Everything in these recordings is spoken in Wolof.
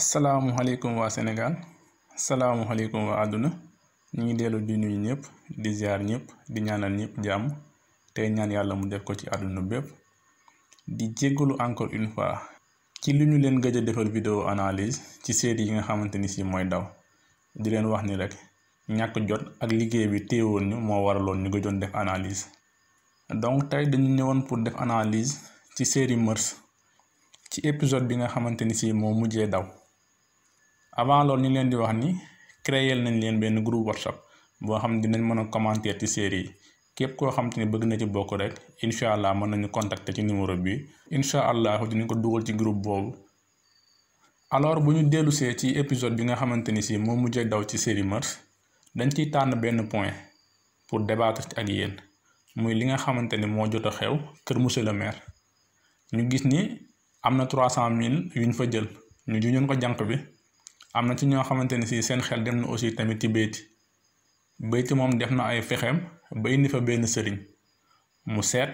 asalaamualeykum waa Sénégal asalaamualeykum waa àdduna ñu ngi dellu di nuyu ñëpp di ziar ñëpp di ñaanal ñëpp jàmm tey ñaan yàlla mu def ko ci àdduna bépp di jéggalu encore une ci li ñu leen gëj a defal vidéo analyse ci série yi nga xamante ni si mooy daw di leen wax ni rek ñàkk jot ak liggéey bi téewoon ñu moo waraloon ñu gëjoon def analyse donc tey dañu ñëwoon pour def analyse ci série Mœurs ci épisode bi nga xamante ni si moo mujjee daw avant loolu ñu ngi leen di wax ni créer nañ leen benn groupe whatsapp boo xam ne dinañ mën a commenter ci série yi képp koo xam te ne bëgg na ci bokk rek incha allah mën nañu contacter ci numéro bi incha allah dinañ ko dugal ci groupe boobu. alors bu ñu dellusee ci épisode bi nga xamante ni si moo mujjee daw ci série Mœurs dañ ciy tànn benn point pour débattre ak yéen muy li nga xamante ni moo jot a xew kër monsieur le maire ñu gis ni am na 300000 yu ñu fa jël ñu juñoon ko jànq bi. am na ci ñoo xamante ne si seen xel dem na aussi tamit ci béyti ti moom def na ay fexeem ba indi fa benn sëriñ mu seet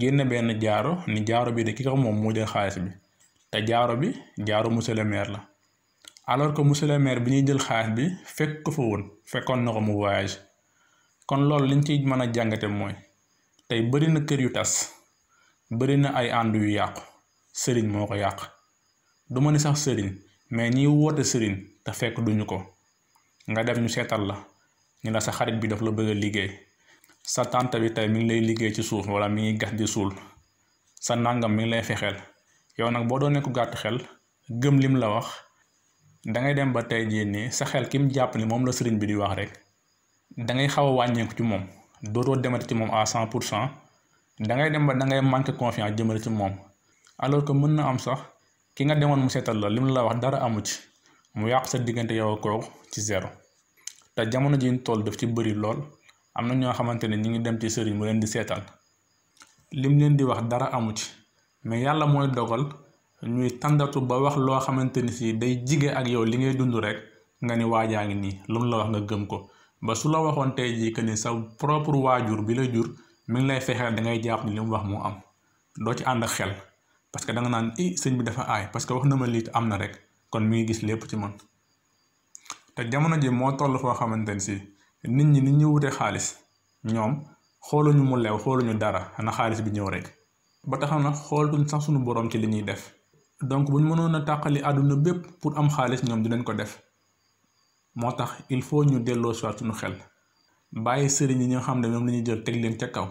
génn benn jaaro ni jaaro bi de ki ko moom moo jël xaalis bi te jaaro bi jaaro monsieur le maire la alors que monsieur le maire bi ñuy jël xaalis bi fekk ko fa woon fekkoon na ko mu voyage kon loolu liñ ci mën a jàngate mooy tey bëri na kër yu tas bëri na ay ànd yu yàqu sëriñ moo ko yàq du ma ni sax sëriñ mais ñiy woote sëriñ te fekk duñu ko nga dem ñu seetal la ñu la sa xarit bi daf la bëgg a liggéey sa tante bi tey mi ngi lay liggéey ci suuf wala mi ngi gas di suul sa nàngam mi ngi lay fexeel yow nag boo doon ku gàtt xel gëm lim la wax dangay dem ba tey jii sa xel ki mu jàpp ni moom la sëriñ bi di wax rek dangay xaw a wàññeeku ci moom dootoo demati ci moom à cent pour cent dangay dem ba dangay manqué confiance jëmale ci moom alors mën na am sax ki nga demoon mu seetal la li mu la wax dara amu ci mu yàqu sa diggante yow ak kooku ci zéro te jamono ji ñu toll daf ci bëri lool am na ñoo xamante ne ñu ngi dem ci sëriñ mu leen di seetal lim leen di wax dara amu ci mais yàlla mooy dogal ñuy tàndatu ba wax loo xamante ni si day jige ak yow li ngay dund rek nga ni waajaa ngi nii lu mu la wax nga gëm ko ba su la waxoon tey jii que ni sa propre waajur bi la jur mi ngi lay fexeel da ngay jàpp ni li wax mu am doo ci ànd xel. parce que da nga naan i sëñ bi dafa aay parce que wax na ma lii am na rek kon mu ngi gis lépp ci man te jamono ji moo toll foo xamante ne si nit ñi nit ñi wute xaalis ñoom xooluñu mu leew xooluñu dara na xaalis bi ñëw rek ba taxam na xooluñ sax suñu boroom ci li ñuy def donc bu ñu mënoon a tàqali àdduna bépp pour am xaalis ñoom dinañ ko def moo tax il faut ñu delloo soit suñu xel bàyyi sëriñ yi ñoo xam ne ñoom la ñu jël teg leen ca kaw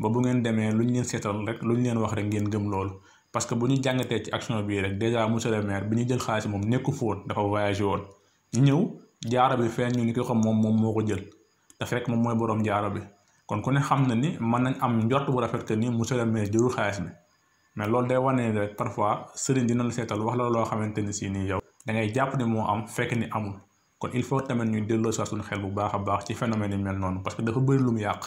ba bu ngeen demee lu ñu leen rek lu leen wax rek ngeen gëm loolu parce que bu ñu jàngatee ci action bii rek déjà monsieur le maire bi ñu jël xaalis moom nekku fóot dafa voyagé woon ñu ñëw jaaro bi fenn ñu ni ko xam moom moom moo ko jël te fekk moom mooy boroom jaaro bi kon ku ne xam na ni mën nañ am njort bu rafet que ni monsieur le maire jëlul xaalis bi mais loolu day wane ni rek parfois sëriñ dina seetal wax la loo xamante ni si nii yow da ngay jàpp ni moo am fekk ni amul kon il faut tamit ñu delloo si suñu xel bu baax a baax ci phénomène yi mel noonu parce que dafa bëri yàq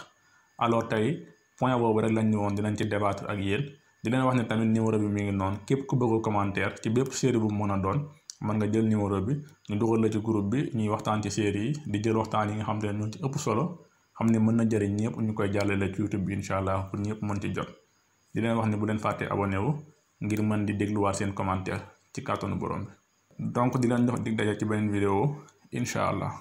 alors tey point boobu rek lañ ñu woon dinañ ci débattre ak yéen di leen wax ne tamit numéro bi mu ngi noonu képp ku bëgg commentaire ci bépp série bu mu mën a doon mën nga jël numéro bi ñu dugal la ci groupe bi ñuy waxtaan ci série yi di jël waxtaan yi nga xam te ne ñoo ci ëpp solo xam ne mën na jariñ ñëpp ñu koy jàllale ci YouTube bi incha allah pour ñëpp mën ci jot di leen wax ne bu leen fàttee abonné wu ngir mën di dégluwaat seen commentaire ci kàttanu borom bi donc di leen jox dig daje ci beneen vidéo incha allah